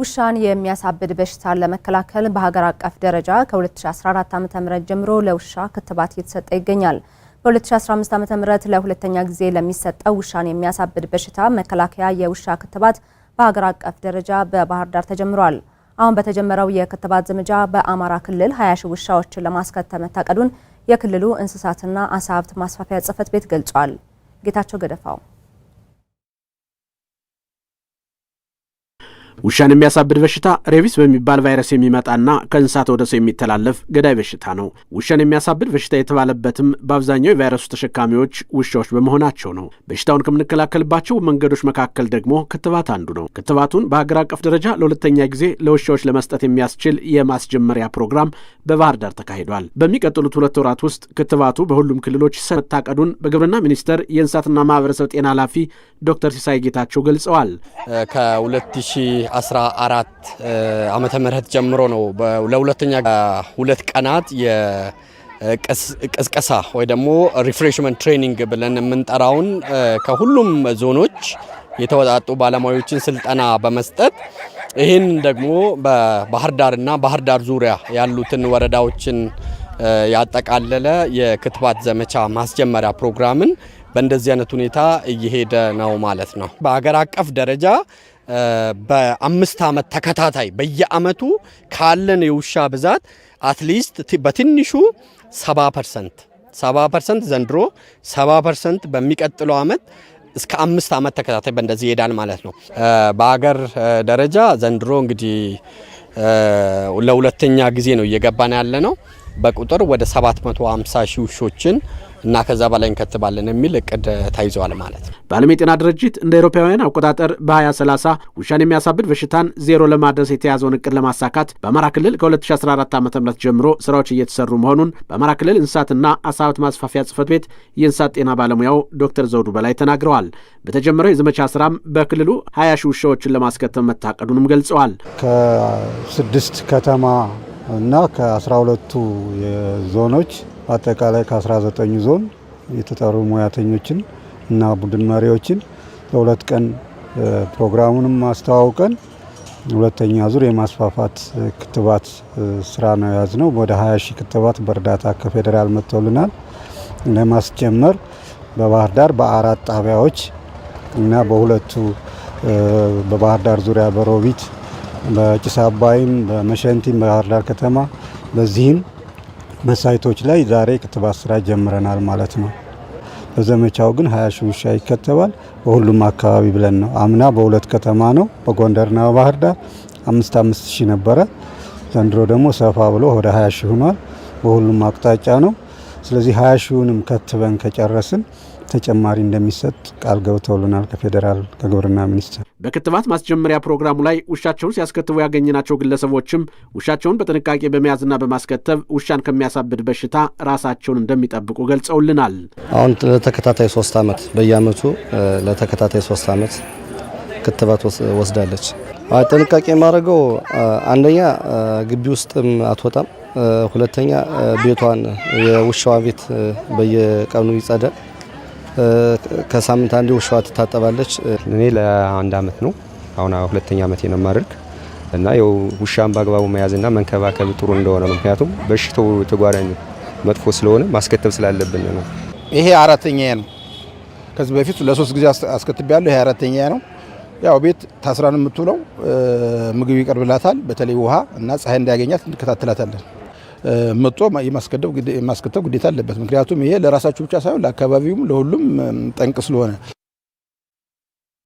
ውሻን የሚያሳብድ በሽታን ለመከላከል በሀገር አቀፍ ደረጃ ከ2014 ዓ ም ጀምሮ ለውሻ ክትባት እየተሰጠ ይገኛል። በ2015 ዓ ም ለሁለተኛ ጊዜ ለሚሰጠው ውሻን የሚያሳብድ በሽታ መከላከያ የውሻ ክትባት በሀገር አቀፍ ደረጃ በባህር ዳር ተጀምሯል። አሁን በተጀመረው የክትባት ዘመቻ በአማራ ክልል 20 ሺህ ውሻዎችን ለማስከተብ መታቀዱን የክልሉ እንስሳትና አሳ ሀብት ማስፋፊያ ጽህፈት ቤት ገልጿል። ጌታቸው ገደፋው ውሻን የሚያሳብድ በሽታ ሬቢስ በሚባል ቫይረስ የሚመጣና ከእንስሳት ወደ ሰው የሚተላለፍ ገዳይ በሽታ ነው። ውሻን የሚያሳብድ በሽታ የተባለበትም በአብዛኛው የቫይረሱ ተሸካሚዎች ውሻዎች በመሆናቸው ነው። በሽታውን ከምንከላከልባቸው መንገዶች መካከል ደግሞ ክትባት አንዱ ነው። ክትባቱን በሀገር አቀፍ ደረጃ ለሁለተኛ ጊዜ ለውሻዎች ለመስጠት የሚያስችል የማስጀመሪያ ፕሮግራም በባህር ዳር ተካሂዷል። በሚቀጥሉት ሁለት ወራት ውስጥ ክትባቱ በሁሉም ክልሎች መታቀዱን በግብርና ሚኒስቴር የእንስሳትና ማህበረሰብ ጤና ኃላፊ ዶክተር ሲሳይ ጌታቸው ገልጸዋል። 2014 ዓመተ ምህረት ጀምሮ ነው ለሁለተኛ ሁለት ቀናት የቅስቀሳ ወይ ደግሞ ሪፍሬሽመንት ትሬኒንግ ብለን የምንጠራውን ከሁሉም ዞኖች የተወጣጡ ባለሙያዎችን ስልጠና በመስጠት ይህን ደግሞ በባህር ዳርና ባህር ዳር ዙሪያ ያሉትን ወረዳዎችን ያጠቃለለ የክትባት ዘመቻ ማስጀመሪያ ፕሮግራምን በእንደዚህ አይነት ሁኔታ እየሄደ ነው ማለት ነው። በሀገር አቀፍ ደረጃ በአምስት ዓመት ተከታታይ በየአመቱ ካለን የውሻ ብዛት አትሊስት በትንሹ 70 ፐርሰንት 70 ፐርሰንት ዘንድሮ 70 ፐርሰንት በሚቀጥለው አመት እስከ አምስት ዓመት ተከታታይ በእንደዚህ ይሄዳል ማለት ነው። በሀገር ደረጃ ዘንድሮ እንግዲህ ለሁለተኛ ጊዜ ነው እየገባን ያለ ነው። በቁጥር ወደ 750 ሺህ ውሾችን እና ከዛ በላይ እንከትባለን የሚል እቅድ ተይዘዋል ማለት ነው። በዓለም የጤና ድርጅት እንደ አውሮፓውያን አቆጣጠር በ2030 ውሻን የሚያሳብድ በሽታን ዜሮ ለማድረስ የተያዘውን እቅድ ለማሳካት በአማራ ክልል ከ2014 ዓ ም ጀምሮ ስራዎች እየተሰሩ መሆኑን በአማራ ክልል እንስሳትና አሳ ሀብት ማስፋፊያ ጽህፈት ቤት የእንስሳት ጤና ባለሙያው ዶክተር ዘውዱ በላይ ተናግረዋል። በተጀመረው የዘመቻ ስራም በክልሉ 20 ሺህ ውሻዎችን ለማስከተብ መታቀዱንም ገልጸዋል። ከስድስት ከተማ እና ከ12ቱ ዞኖች አጠቃላይ ከ19ኙ ዞን የተጠሩ ሙያተኞችን እና ቡድን መሪዎችን ለሁለት ቀን ፕሮግራሙንም አስተዋውቀን ሁለተኛ ዙር የማስፋፋት ክትባት ስራ ነው የያዝነው። ወደ 20 ሺህ ክትባት በእርዳታ ከፌዴራል መጥተውልናል። ለማስጀመር በባህር ዳር በአራት ጣቢያዎች እና በሁለቱ በባህር ዳር ዙሪያ በሮቢት በጭስ አባይም በመሸንቲም በባህር ዳር ከተማ በዚህም መሳይቶች ላይ ዛሬ ክትባት ስራ ጀምረናል ማለት ነው። በዘመቻው ግን ሀያ ሺህ ውሻ ይከተባል በሁሉም አካባቢ ብለን ነው። አምና በሁለት ከተማ ነው በጎንደርና በባህር ዳር አምስት አምስት ሺህ ነበረ። ዘንድሮ ደግሞ ሰፋ ብሎ ወደ ሀያ ሺህ ሆኗል። በሁሉም አቅጣጫ ነው። ስለዚህ ሀያ ሺውንም ከትበን ከጨረስን ተጨማሪ እንደሚሰጥ ቃል ገብተውልናል ከፌዴራል ከግብርና ሚኒስቴር። በክትባት ማስጀመሪያ ፕሮግራሙ ላይ ውሻቸውን ሲያስከትቡ ያገኘናቸው ግለሰቦችም ውሻቸውን በጥንቃቄ በመያዝና በማስከተብ ውሻን ከሚያሳብድ በሽታ ራሳቸውን እንደሚጠብቁ ገልጸውልናል። አሁን ለተከታታይ ሶስት ዓመት በየዓመቱ ለተከታታይ ሶስት ዓመት ክትባት ወስዳለች። ጥንቃቄ የማደርገው አንደኛ ግቢ ውስጥም አትወጣም ሁለተኛ ቤቷን የውሻዋ ቤት በየቀኑ ይጸዳል። ከሳምንት አንዴ ውሻዋ ትታጠባለች። እኔ ለአንድ አመት ነው አሁን ሁለተኛ አመቴ ነው የማደርግ እና ያው ውሻን በአግባቡ መያዝና መንከባከብ ጥሩ እንደሆነ ነው። ምክንያቱም በሽታው ተጓዳኝ መጥፎ ስለሆነ ማስከተብ ስላለብን ነው። ይሄ አራተኛ ነው። ከዚህ በፊት ለሶስት ጊዜ አስከትቤያለሁ። ይሄ አራተኛ ነው። ያው ቤት ታስራ የምትውለው። ምግብ ይቀርብላታል። በተለይ ውሃ እና ፀሐይ እንዳያገኛት እንከታተላታለን። መጦ የማስከተብ ግዴታ አለበት። ምክንያቱም ይሄ ለራሳችሁ ብቻ ሳይሆን ለአካባቢውም ለሁሉም ጠንቅ ስለሆነ